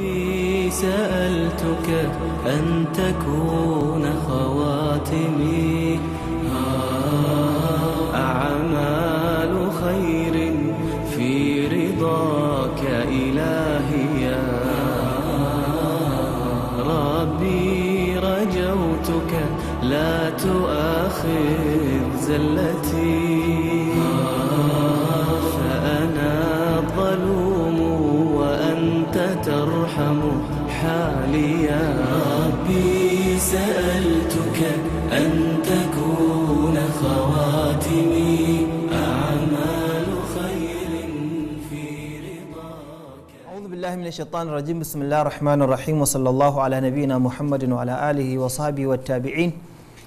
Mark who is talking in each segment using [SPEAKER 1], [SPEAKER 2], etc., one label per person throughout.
[SPEAKER 1] ربي سألتك أن تكون خواتمي أعمال خير في رضاك إلهي ربي رجوتك لا تؤاخذ زلتي billahi minash shaitani rajim bismillahir rahmanir rahim wa sallallahu ala nabiyyina muhammadin wa ala alihi wa sahbihi wat tabi'in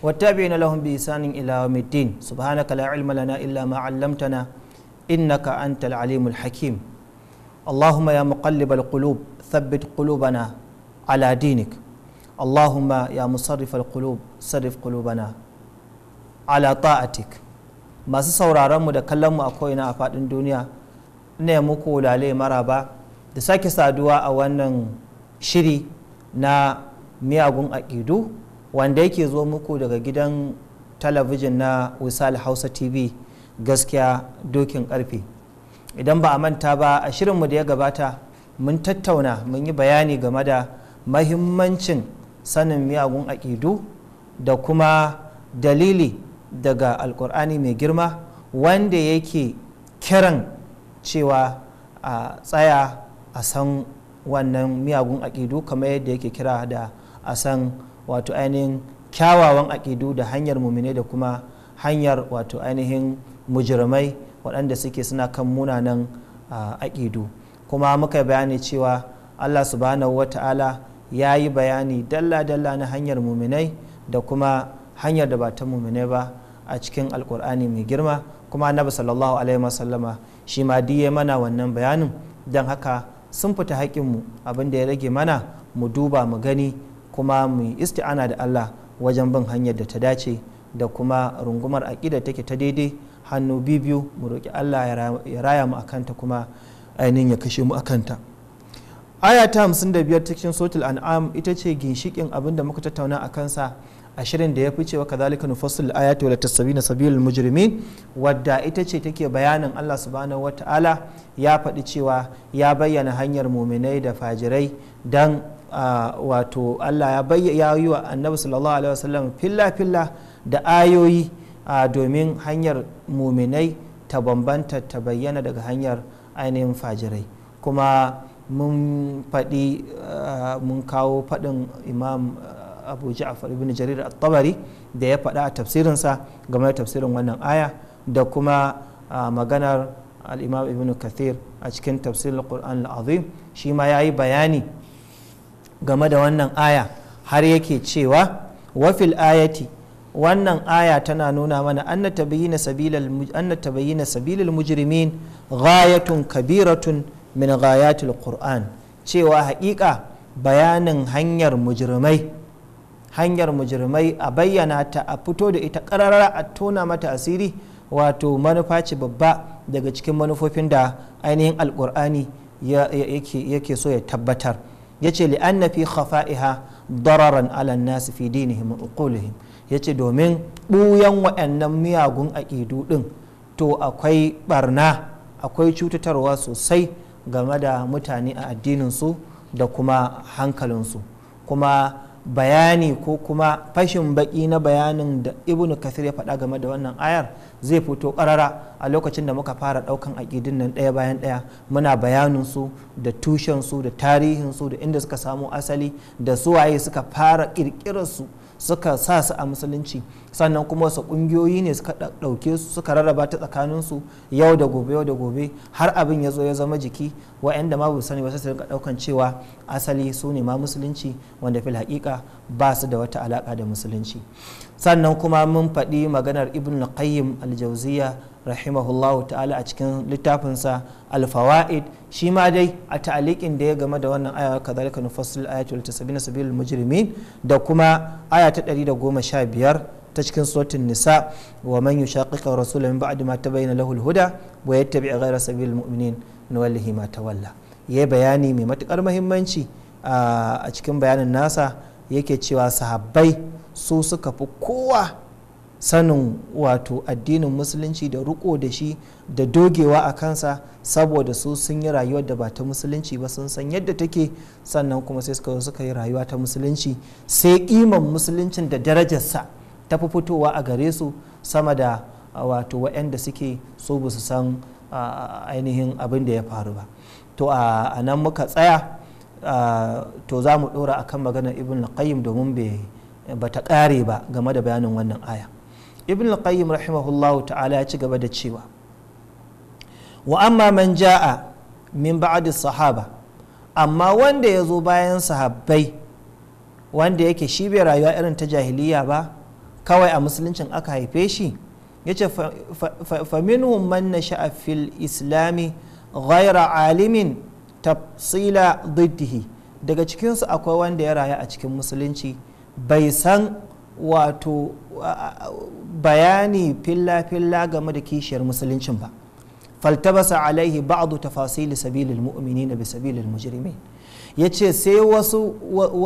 [SPEAKER 1] wat tabi'ina lahum bi isanin ila yawmiddin subhanaka la ilma lana illa ma 'allamtana innaka antal alimul hakim allahumma ya muqallibal qulub thabbit qulubana ala dinik allahumma ya musarrifal qulub sarrif qulubana ala ta'atik masu sauraron mu da kallon mu a ko'ina a faɗin duniya ne muku lale maraba da sake saduwa a wannan shiri na miyagun aƙidu wanda yake zo muku daga gidan talabijin na wisal hausa tv gaskiya dokin karfe idan ba a manta ba a shirinmu da ya gabata mun tattauna mun yi bayani game da mahimmancin sanin miyagun aƙidu da kuma dalili daga alkur'ani mai girma wanda yake kiran cewa a tsaya a san wannan miyagun aƙidu kamar yadda yake kira da a san wato ainihin kyawawan aƙidu da hanyar mumine da kuma hanyar wato ainihin mujirmai waɗanda suke suna kan munanan aƙidu kuma muka bayani cewa allah subhanahu wata'ala ya yi bayani dalla-dalla na hanyar muminai da kuma hanyar da ba ta muminai ba a cikin alkur'ani mai girma kuma annabi sallallahu alaihi wasallama shi ma diye mana wannan bayanin don haka sun fita haƙƙinmu abin da ya rage mana mu duba mu gani kuma mu isti'ana da Allah wajen bin hanyar da ta dace da kuma rungumar aƙida take ta daidai hannu biyu mu roƙi Allah ya raya mu akanta kuma ainihin ya kashe mu akanta aya ta 55 cikin sotil an'am ita ce ginshikin abin da muka tattauna a kansa ashirin da ya fi cewa kadhalika nufassil ayati wa latasabina sabilul mujrimin wadda ita ce take bayanin Allah subhanahu ta'ala ya faɗi cewa ya bayyana hanyar muminai da fajirai dan wato Allah ya yi wa annabi sallallahu alaihi wasallam filla filla da ayoyi domin hanyar muminai ta bambanta ta bayyana daga hanyar ainihin fajirai kuma mun faɗi mun kawo faɗin imam abu ja'far ibn jarir at-tabari da ya faɗa a tafsirinsa game da tafsirin wannan aya da kuma maganar al-imam ibn kathir a cikin tafsirin qur'an al-azim shi ma yayi bayani game da wannan aya har yake cewa wafil ayati wannan aya tana nuna mana anna tabayyana sabilal anna tabayyana sabilal mujrimin ghayatun kabiratun min ghayatil qur'an cewa haƙiƙa bayanin hanyar mujrimai hanyar mujirmai a bayyana ta a fito da ita karara a tona mata asiri wato manufa ce babba daga cikin manufofin da ainihin alkur'ani yake so ya tabbatar ya ce li'anna fi khafa'iha dararan ala nasu fi dinihim uqulihim ya ce domin ɓuyan waɗannan miyagun aƙidu ɗin to akwai barna akwai cutatarwa sosai game da mutane a addininsu da kuma hankalinsu kuma bayani ko kuma fashin baki na bayanin da ibnu kasir ya faɗa game da wannan ayar zai fito ƙarara a lokacin da muka fara ɗaukan aƙidin nan ɗaya bayan ɗaya muna bayanin su da tushen su da tarihin su da inda suka samu asali da suwaye suka fara ƙirƙirar su suka sa su a musulunci sannan kuma wasu kungiyoyi ne suka ɗauke su suka rarraba ta tsakanin su yau da gobe yau da gobe har abin ya zo ya zama jiki wa'anda ma bu sani ba sai su ɗaukan cewa asali su ne ma musulunci wanda fil haƙiƙa ba su da wata alaƙa da musulunci sannan kuma mun faɗi maganar ibn qayyim al-jawziya rahimahullahu ta'ala a cikin littafinsa alfawa'id shi ma dai a ta'alikin da ya game da wannan aya kazalika nufassil ayatul tasabina sabilul mujrimin da kuma aya ta 115 ta cikin sautin nisa wa man yushaqiqa ta min ba'di ma tabayyana lahu al-huda wa yattabi ghayra sabilil mu'minin nuwallihi ma tawalla yayi bayani mai matukar muhimmanci a cikin bayanin nasa yake cewa sahabbai su suka fi kowa sanin wato addinin musulunci da riko da shi da dogewa a kansa saboda su sun yi rayuwar da ba ta musulunci ba sun san yadda take sannan kuma sai suka suka yi rayuwa ta musulunci sai kiman musuluncin da darajarsa ta fi fitowa a gare su sama da wato waɗanda suke so ba su san ainihin abin da ya faru ba to a nan muka tsaya to za mu ɗora akan maganar ibn qayyim domin ba ta ƙare ba game da bayanin wannan aya ibn al-qayyim rahimahullahu ta'ala ya ci gaba da cewa wa amma man ja'a min ba'di sahaba amma wanda ya zo bayan sahabbai wanda yake shi bai rayuwa irin ta jahiliya ba kawai a musuluncin aka haife shi yace ce minhum man nasha'a fil islami ghaira alimin tafsila diddihi daga cikinsu akwai wanda ya rayu a cikin musulunci bai san wato bayani filla-filla game da kishiyar musuluncin ba faltabasa alaihi ba'adu tafasili sabilil mu'minina bi sabilil mujrimin yace sai wasu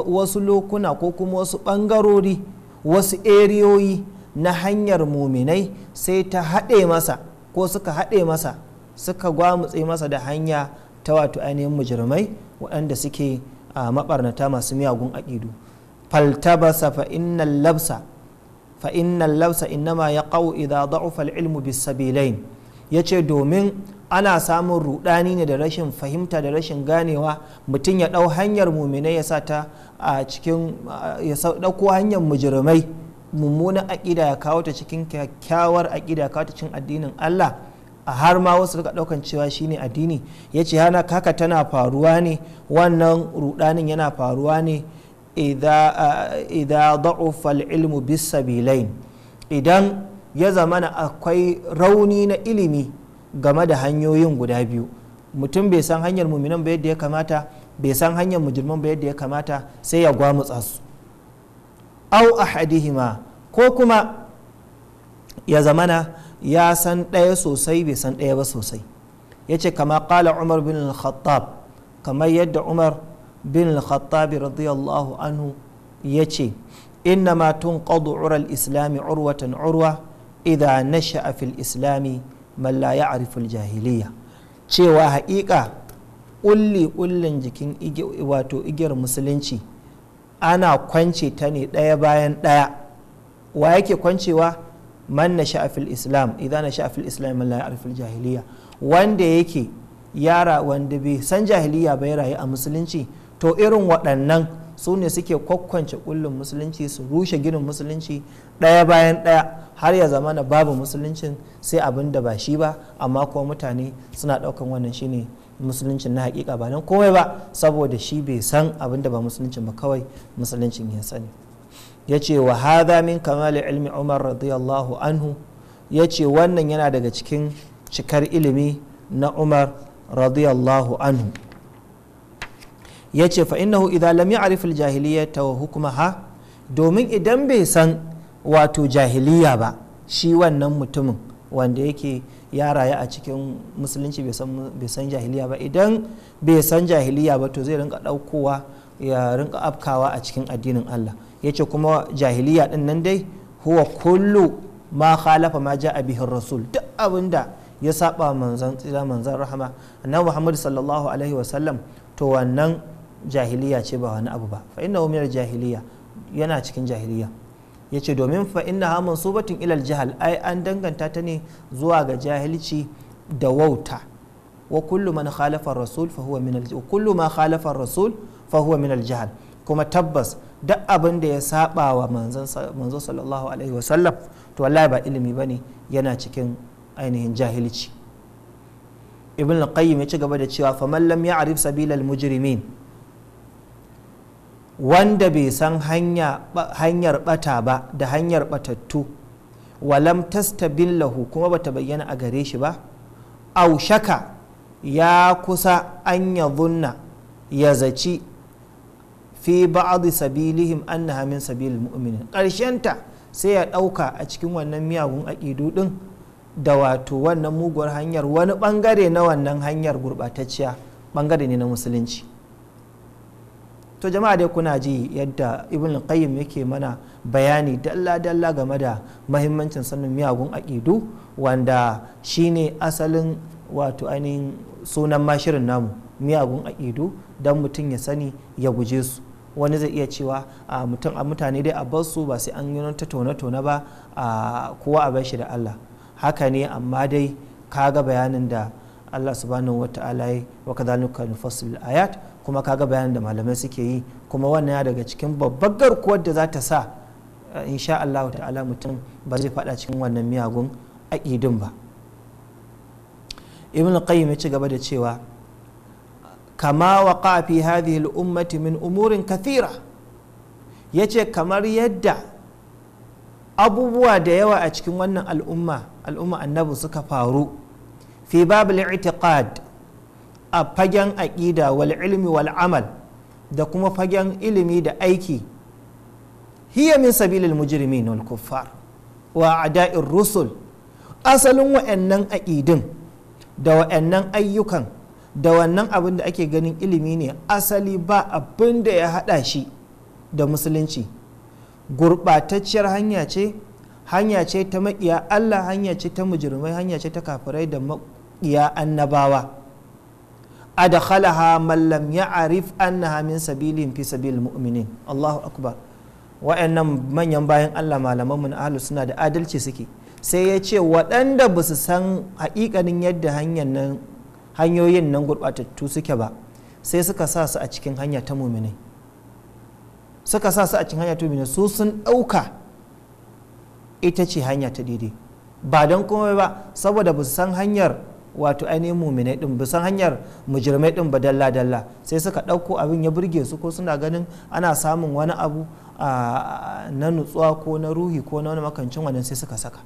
[SPEAKER 1] wasu lokuna ko kuma wasu bangarori wasu eriyoyi na hanyar muminai sai ta haɗe masa ko suka haɗe masa suka gwamutse masa da hanya ta wato ainihin mujrimai waɗanda suke a maɓarnata masu miyagun aƙidu faltabasa fa innal labsa fa innal lausa innama ya qau idza ilmu al-ilmu ya yace domin ana samun rudani ne da rashin fahimta da rashin ganewa mutum ya dau hanyar muminai ya sa ta a cikin ya hanyar mujrimai mummunan aƙida ya kawo ta cikin kyakkyawar aƙida ya kawo ta cikin addinin Allah a har ma wasu suka ɗaukan cewa shine addini ya ce hana kaka tana faruwa ne wannan rudanin yana faruwa ne idha da'ufa ilmu bisabilain idan ya zamana akwai rauni na ilimi game da hanyoyin guda biyu mutum bai san hanyar muminan ba yadda ya kamata bai san hanyar mujirman ba yadda ya kamata sai ya gwamutsa su au ahadihima ko kuma ya zamana ya san ɗaya sosai bai san ɗaya ba sosai ya ce kama kala umar bin al-khattab kamar yadda umar bin al-khattabi radiyallahu anhu ya ce inna ma tun ural islami urwatan urwa idha nasha'a fil islami man la ya'rifu jahiliya cewa haƙiƙa ƙulli ƙullin jikin wato igiyar musulunci ana kwance ta ne ɗaya bayan ɗaya wa yake kwancewa man na sha'afil islam idan na sha'afil islam man la jahiliya wanda yake yara wanda bai san jahiliya bai rayu a musulunci to irin waɗannan su ne suke kwakwance kullum musulunci su rushe ginin musulunci ɗaya bayan ɗaya har ya zama na babu musulunci sai abin da ba shi ba amma kuma mutane suna ɗaukan wannan shine musuluncin na hakika ba nan komai ba saboda shi bai san abin da ba musuluncin ba kawai musuluncin ya sani ya ce wa hada min kamali ilmi umar radiyallahu anhu ya ce wannan yana daga cikin cikar ilimi na umar radiyallahu anhu ya ce fa innahu idza lam ya'rif al ta hukuma hukmaha domin idan bai san wato jahiliya ba shi wannan mutumin wanda yake ya rayu a cikin musulunci bai san jahiliya ba idan bai san jahiliya ba to zai rinka ɗaukowa ya rinka afkawa a cikin addinin Allah yace kuma jahiliya ɗin nan dai huwa kullu ma khalafa ma ja a bihin rasul duk abin da ya saba manzan tsira manzan rahama annabi muhammad sallallahu alaihi wasallam to wannan jahiliya ce ba wani abu ba fa innahu minal jahiliya yana cikin jahiliya yace domin fa mansubatin mansubatun ilal jahal ai an danganta ta ne zuwa ga jahilci da wauta wa kullu man khalafa rasul fa huwa min al kullu ma khalafa rasul fa huwa min al jahal kuma tabbas duk abin da ya saba wa manzo sallallahu alaihi wa sallam to wallahi ba ilimi bane yana cikin ainihin jahilci ibn al-qayyim ya ci gaba da cewa fa man lam ya'rif sabilal mujrimin wanda bai san hanyar bata ba da hanyar batattu walam billahu kuma bata bayyana a gare shi ba au shaka ya kusa an ya zunna ya zaci fi ba'adu sabilihim annaha min sabilil mu'minin ƙarshenta sai ya ɗauka a cikin wannan miyagun aƙidu ɗin da wato wannan muguwar hanyar wani ɓangare na wannan hanyar gurɓatacciya ɓangare ne na musulunci to jama'a dai kuna ji yadda ibn qayyim yake mana bayani dalla dalla game da mahimmancin sanin miyagun aƙidu wanda shine asalin wato ainihin sunan mashirin namu miyagun aƙidu don mutum ya sani ya guje su wani zai iya cewa a mutum a mutane dai a bar su ba sai an yi ta tone-tone ba a kowa a bar shi da Allah haka ne amma dai kaga bayanin da Allah subhanahu wata'ala ya wa kadhalika nufassil ayat kuma kaga bayanin da malamai suke yi kuma wannan ya daga cikin babbar garkuwar da za ta sa eh, insha Allah ta'ala mutum ba zai faɗa cikin wannan miyagun aƙidin ba ibn qayyim ya ci gaba da cewa kama waqa fi hadhihi al-ummati min umurin kathira yace kamar yadda abubuwa da yawa a cikin wannan al'umma al'umma annabi suka faru fi babu i'tiqad a fagen aƙida wal ilmi wal amal da kuma fagen ilimi da aiki hiya min sabilil mujrimin kuffar wa rusul asalin wa'annan aƙidin da wa'annan ayyukan da wannan abin da ake ganin ilimi ne asali ba abin da ya haɗa shi da musulunci gurɓatacciyar hanya ce hanya ce ta maƙiya allah hanya ce ta mujirmai hanya ce ta kafirai da ya annabawa adkhalaha mallam ya ya'rif annaha min sabilin fi sabil mu'minin Allahu akbar nan manyan bayan Allah malaman mu na ahlus suna da adalci suke sai ya ce waɗanda ba su san haƙiƙanin yadda hanyoyin nan gurɓatattu suke ba sai suka sa su a cikin hanya ta muminai suka sa su a cikin hanya ta su sun ɗauka ita ce hanya ta daidai ba don kuma ba saboda ba su san hanyar wato ainihin muminai din bisan hanyar mujirmai din ba dalla dalla sai suka ɗauko abin ya burge su ko suna ganin ana samun wani abu na nutsuwa ko na ruhi ko na wani makancin wannan sai suka saka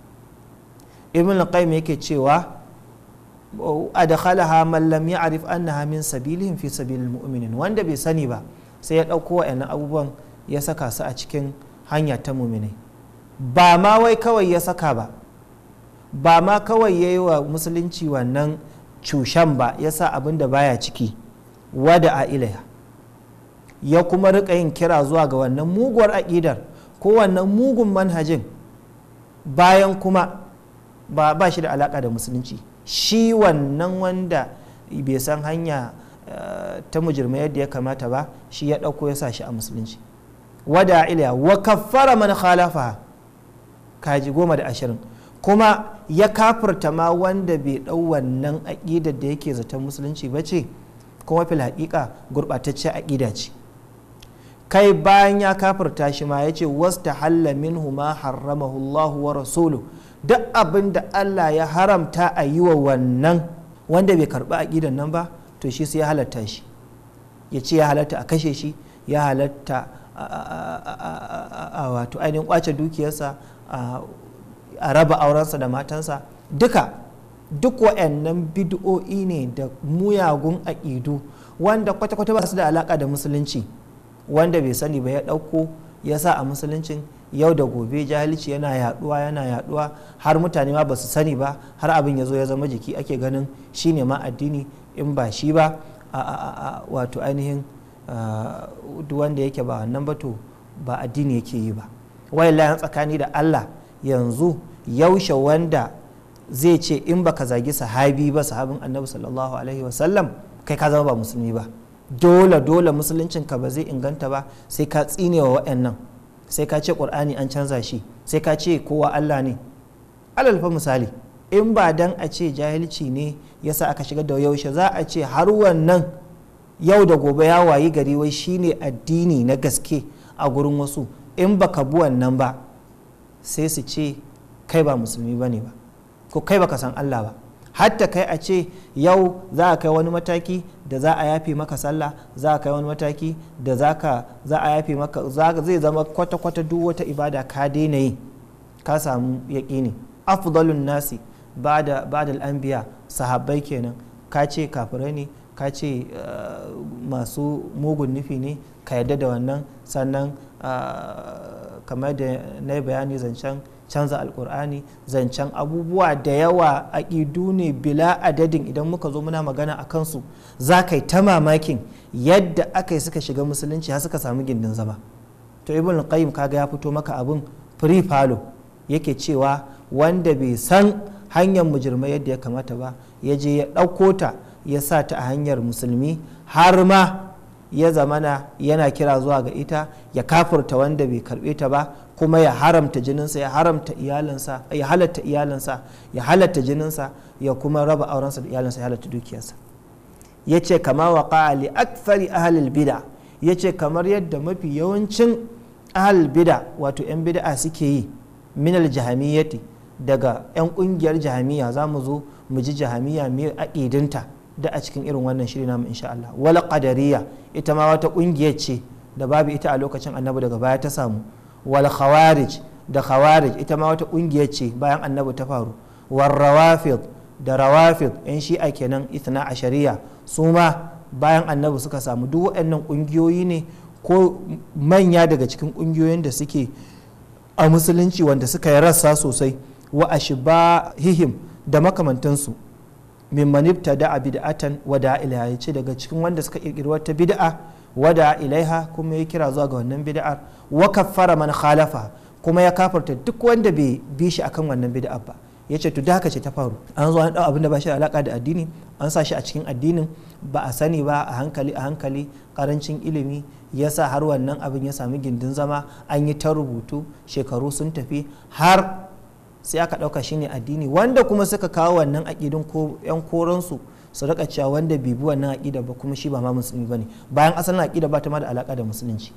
[SPEAKER 1] ibn qayyim yake cewa adkhalaha man lam ya'rif annaha min sabilihim fi sabilil mu'minin wanda bai sani ba sai ya ɗauko wa'annan abubuwan ya saka su a cikin hanya ta muminai ba ma wai kawai ya saka ba ba ma kawai ya yi wa musulunci wannan cushen ba ya sa abin da baya ciki wada a ilaya ya kuma rika yin kira zuwa ga wannan muguwar aƙidar ko wannan mugun manhajin bayan kuma ba, shi da alaka da musulunci shi wannan wanda bai san hanya eh, ta mujirma yadda ya kamata ba shi ya ɗauko ya sa shi a musulunci wada ilaya wa kaffara man khalafa kaji goma da ashirin kuma ya kafirta ma wanda bai ɗau wannan aƙida da yake zaton musulunci ba ce kuma fil haƙiƙa gurɓataccen aƙida ce kai bayan ya kafirta shi ma ya ce ta halla minhu ma harramahu wa rasulu duk abin da Allah ya haramta a yi wa wannan wanda bai karɓi aƙidan nan ba to shi sai ya halatta shi ya ya halatta a kashe shi ya halatta a wato ainihin kwace dukiyarsa a raba aurensa da matansa duka duk wa'annan bid'o'i ne da muyagun aƙidu wanda kwata-kwata ba su da alaƙa da musulunci wanda bai sani ba ya ɗauko ya sa a musuluncin yau da gobe jahilci yana yaduwa yana yaduwa har mutane ma ba su sani ba har abin ya zo ya zama jiki ake ganin shi ne ma addini in ba shi ba a wato ainihin duk wanda yake ba wannan ba to ba addini yake yi ba wai tsakani da allah yanzu yaushe wanda zai ce in baka zagi sahabi ba sahabin annabi sallallahu alaihi wasallam kai ka zama ba musulmi ba dole dole musuluncinka ba zai inganta ba sai ka tsinewa wa'annan sai ka ce qur'ani an canza shi sai ka ce kowa allah ne alalfa misali in ba dan a ce jahilci ne yasa aka shiga da yaushe za a ce har wannan yau da gobe ya wayi gari wai shine addini na gaske a gurin wasu in baka bi wannan ba sai su ce kai ba musulmi ba ne ba ko kai baka san Allah ba hatta kai a ce yau za a kai wani mataki da za a yafe maka sallah za a kai wani mataki da za a yafe maka zai zama kwata-kwata duk wata ibada ka daina yi ka samu yaƙini afdalun nasi ba da al'anbiya sahabbai kenan ka ce kafirai ne ka ce eh, masu mugun nufi ne ka yarda da wannan sannan eh, kamar da na bayani zancen canza alkur'ani zancen abubuwa da yawa a ne bila adadin idan muka zo muna magana a kansu za ka yi ta mamakin yadda aka yi suka shiga musulunci har suka samu gindin zama to ibn qayyim kaga ya fito maka abin free yake cewa wanda bai san hanyar mujirmai yadda ya kamata ba ya je ya ɗauko ta ya sa ta a hanyar musulmi har ma ya zamana yana kira zuwa ga ita ya kafurta wanda bai karbe ta ba kuma ya haramta jininsa ya haramta iyalinsa ya halatta iyalinsa ya halatta jininsa ya kuma raba aurensa da iyalinsa ya halatta dukiyarsa ya ce kama waƙa li akthari ahalil bida ya ce kamar yadda mafi yawancin ahal bida wato 'yan bida suke yi minal jahamiyyati daga 'yan ƙungiyar jahamiyya za mu zo mu ji jahamiyya mai aƙidinta da a cikin irin wannan shiri namu insha Allah wala qadariya ita ma wata kungiya ce da babu ita a lokacin annabi daga baya ta samu wal khawarij da khawarij ita ma wata kungiya ce bayan annabi ta faru war rawafid da rawafid yan a kenan ithna ashariya su ma bayan annabi suka samu duk waɗannan kungiyoyi ne ko manya daga cikin kungiyoyin da suke a musulunci wanda suka yi rassa sosai wa ashbahihim da makamantansu mimman da'a bid'atan wada ilaiha ce daga cikin wanda suka kirkiri wata bida'a wada ilaiha kuma ya kira zuwa ga wannan bid'ar wa kaffara man khalafa kuma ya kafarta duk wanda bai bi shi akan wannan bida'ar ba ya ce to da haka ce ta faru an zo an dau abin da ba shi da alaka da addini an sa shi a cikin addinin ba a sani ba a hankali a hankali karancin ilimi ya sa har wannan abin ya sami gindin zama an yi ta rubutu shekaru sun tafi har sai aka ɗauka shine addini wanda kuma suka kawo wannan aƙidun ko yan koransu su rika cewa wanda bai bi wannan aƙida ba kuma shi ba ma musulmi bane bayan asalin aƙida ba ta ma da alaka da musulunci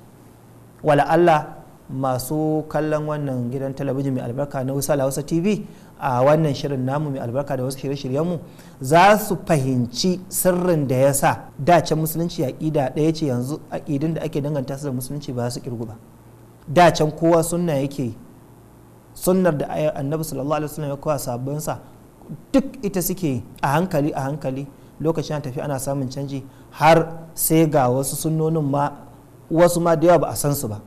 [SPEAKER 1] wala Allah masu kallon wannan gidan talabijin mai albarka na wasu Hausa TV a wannan shirin namu mai albarka da wasu shirye-shiryenmu za su fahimci sirrin da ya sa dace musulunci ƙida ɗaya ce yanzu aƙidan da ake danganta su da musulunci ba su kirgu ba dacen kowa sunna yake sunnar da annabi sallallahu alaihi wasallam ya kowa sa duk ita suke a hankali a hankali lokacin ana tafi ana samun canji har sai ga wasu sunnonin ma wasu ma da yawa ba a san su ba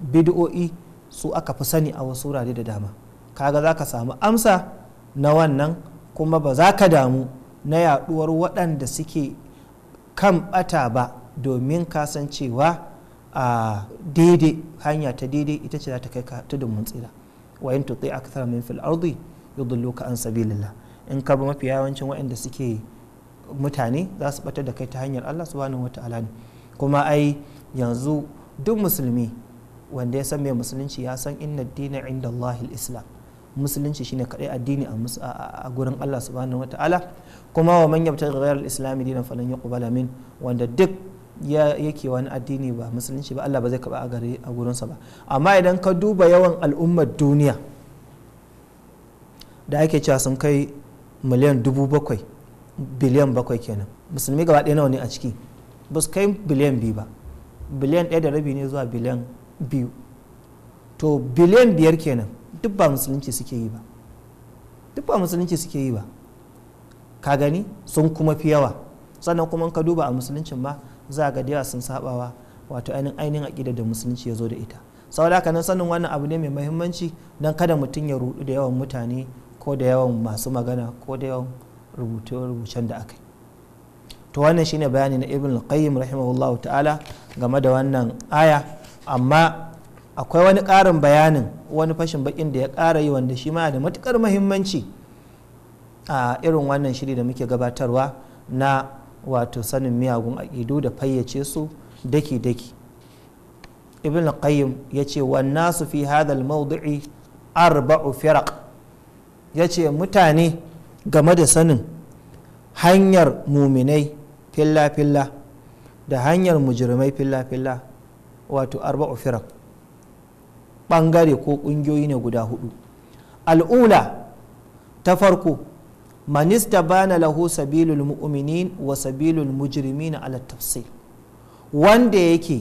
[SPEAKER 1] bid'o'i su aka fi sani a wasu wurare da dama kaga zaka samu amsa na wannan kuma ba za ka damu na yaduwar waɗanda suke kan bata ba domin kasancewa a daidai hanya ta daidai ita ce za ta kai ka tudun mun tsira wa in tuti akthara min fil ardi yudilluka an sabilillah in ka bi mafi yawancin waɗanda suke mutane za su batar da kai ta hanyar Allah subhanahu wata'ala ne kuma ai yanzu duk musulmi wanda ya san mai musulunci ya san inna dina inda Allahil islam musulunci shine kadai addini a gurin Allah subhanahu wata'ala kuma wa man yabtaghi ghayra al-islam dinan falan yuqbala min wanda duk ya yake wani addini ba musulunci ba Allah ba zai kaba a a gurinsa ba amma idan ka duba yawan al'ummar duniya da ake cewa sun kai miliyan dubu bakwai biliyan bakwai kenan musulmi gaba ɗaya nawa ne a ciki ba su kai biliyan biyu ba biliyan ɗaya da rabi ne zuwa biliyan biyu to biliyan biyar kenan duk ba musulunci suke yi ba duk ba musulunci suke yi ba ka gani sun kuma fi yawa sannan kuma ka duba a musuluncin ma za ga da yawa sun sabawa wato ainihin ainihin aƙidar da musulunci ya zo da ita saboda haka nan sanin wannan abu ne mai mahimmanci don kada mutum ya rudu da yawan mutane ko da yawan masu magana ko da yawan rubuce-rubucen da aka yi to wannan shine bayani na ibn al-qayyim rahimahullahu ta'ala game da wannan aya amma akwai wani ƙarin bayanin wani fashin bakin da ya ƙara yi wanda shi ma da matukar mahimmanci a irin wannan shiri da muke gabatarwa na wato sanin miyagun aƙidu da fayyace su daki-daki ibn qayyim ya ce wannan su fi hadal mawdu'i arba'u firaq ya ce mutane game da sanin hanyar muminai filla-filla da hanyar mujirmai filla-filla wato arba'u firaq bangare ko ƙungiyoyi ne guda hudu al'ula ta farko man istabana lahu sabilul mu'minin wa sabilul mujrimin ala tafsil wanda yake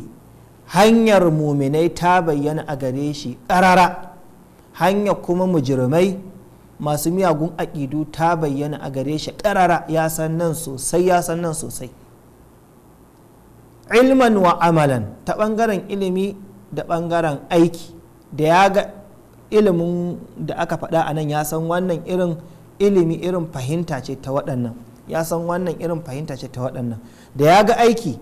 [SPEAKER 1] hanyar muminai ta bayyana a gare shi ƙarara hanya kuma mujirmai masu miyagun aƙidu ta bayyana a gare shi ƙarara ya san nan sosai ya san nan sosai ilman wa amalan ta ɓangaren ilimi da ɓangaren aiki da ya ga ilimin da aka faɗa a nan ya san wannan irin ilimi irin fahimta ce ta waɗannan ya san wannan irin fahimta ce ta waɗannan da ya ga aiki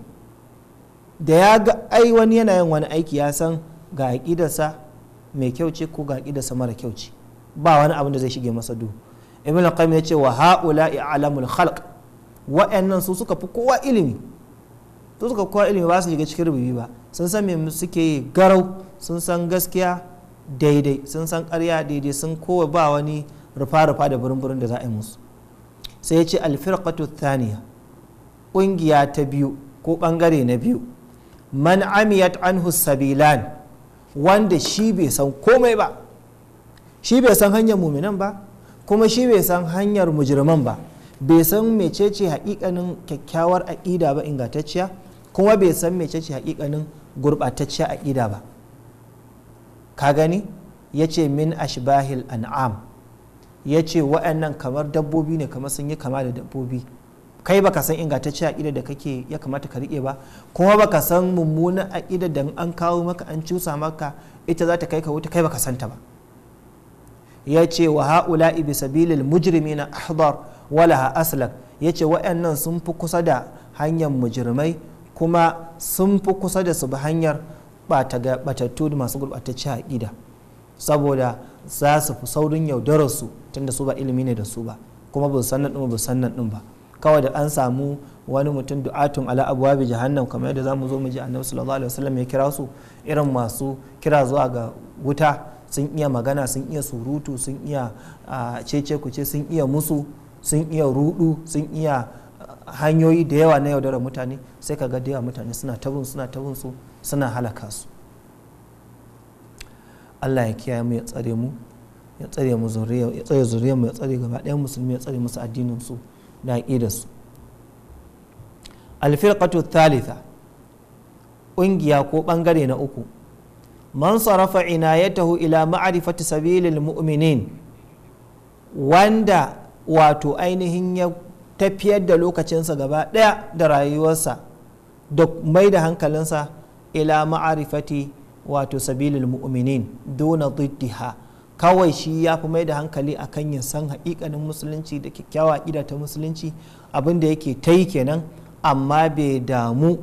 [SPEAKER 1] da ya ga ai wani yana yin wani aiki ya san ga aƙidarsa mai kyau ce ko ga aƙidarsa mara kyau ce ba wani abin da zai shige masa duhu ibn al ya ce wa haula i'lamul khalq wa'annan su suka fi kowa ilimi su suka kowa ilimi ba su shiga cikin rububi ba sun san me suke garau sun san gaskiya daidai sun san ƙarya daidai sun kowa ba wani rufa-rufa da burin-burin da za a yi musu sai ya ce alfirqatu thaniya ƙungiya ta biyu ko ɓangare na biyu man amiyat anhu sabilan wanda shi bai san komai ba shi bai san hanyar muminan ba kuma shi bai san hanyar mujirman ba bai san mecece haƙiƙanin kyakkyawar aƙida ba ingantacciya kuma bai san mecece haƙiƙanin gurɓatacciya aƙida ba ka gani ya ce min ashbahil an'am ya ce wa'annan kamar dabbobi ne kamar sun yi kama da dabbobi kai baka san ingantacce ƙidar da kake ya kamata ka riƙe ba kuma baka san mummunan ƙidar da an kawo maka an cusa maka ita za ta kai ka wuta kai baka ta ba ya ce wa ha'ula ibi sabilil mujrimina ahdar walaha aslak ya ce wa'annan sun fi kusa da hanyar mujrimai kuma sun fi kusa da su hanyar batattu masu gurɓatacce aƙida saboda za su fi saurin yaudararsu tunda su ba ilimi ne da su ba kuma ba san ba san nan din ba kawai da an samu wani mutum du'atun ala abwabi jahannam kamar yadda zamu zo mu ji annabi sallallahu alaihi wasallam ya kira su irin masu kira zuwa ga wuta sun iya magana sun iya surutu sun iya cece kuce sun iya musu sun iya rudu sun iya hanyoyi da yawa na yaudarar mutane sai ka ga da yawa mutane suna tabun suna tabun su suna halaka su Allah ya kiyaye mu ya tsare mu ya tsare mu zuriyar ya tsare zuriyar mu ya tsare gaba ɗayan musulmi ya tsare musu addinin su da aqidar su alfirqatu thalitha ƙungiya ko bangare na uku man sarafa inayatahu ila ma'rifati sabilil mu'minin wanda wato ainihin ya tafiyar da lokacinsa gaba ɗaya da rayuwarsa da mai da hankalinsa ila ma'arifati wato sabilil mu'minin dona diddiha kawai shi ya fi mai da hankali a kan yin san haƙiƙanin musulunci da kyakkyawa ƙida ta musulunci abin da yake ta yi kenan amma bai damu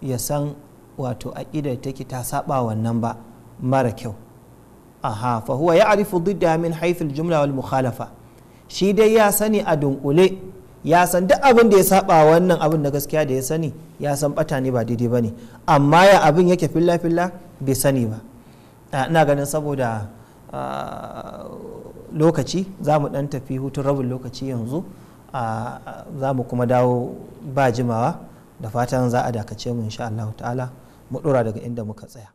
[SPEAKER 1] ya san wato a ƙida ta ke ta saba wannan ba mara kyau aha fa huwa ya arifu didda min haifil jumla wal mukhalafa shi dai ya sani a dunkule ya san duk abin da ya saba wannan abin da gaskiya da ya sani ya san bata ne ba daidai ba ne. amma ya abin yake filla filla bai sani ba ina ganin saboda lokaci za mu ɗan tafi hutun rabin lokaci yanzu za mu kuma dawo ba jimawa da fatan za a dakace mu insha Allah ta'ala mu ɗora daga inda muka tsaya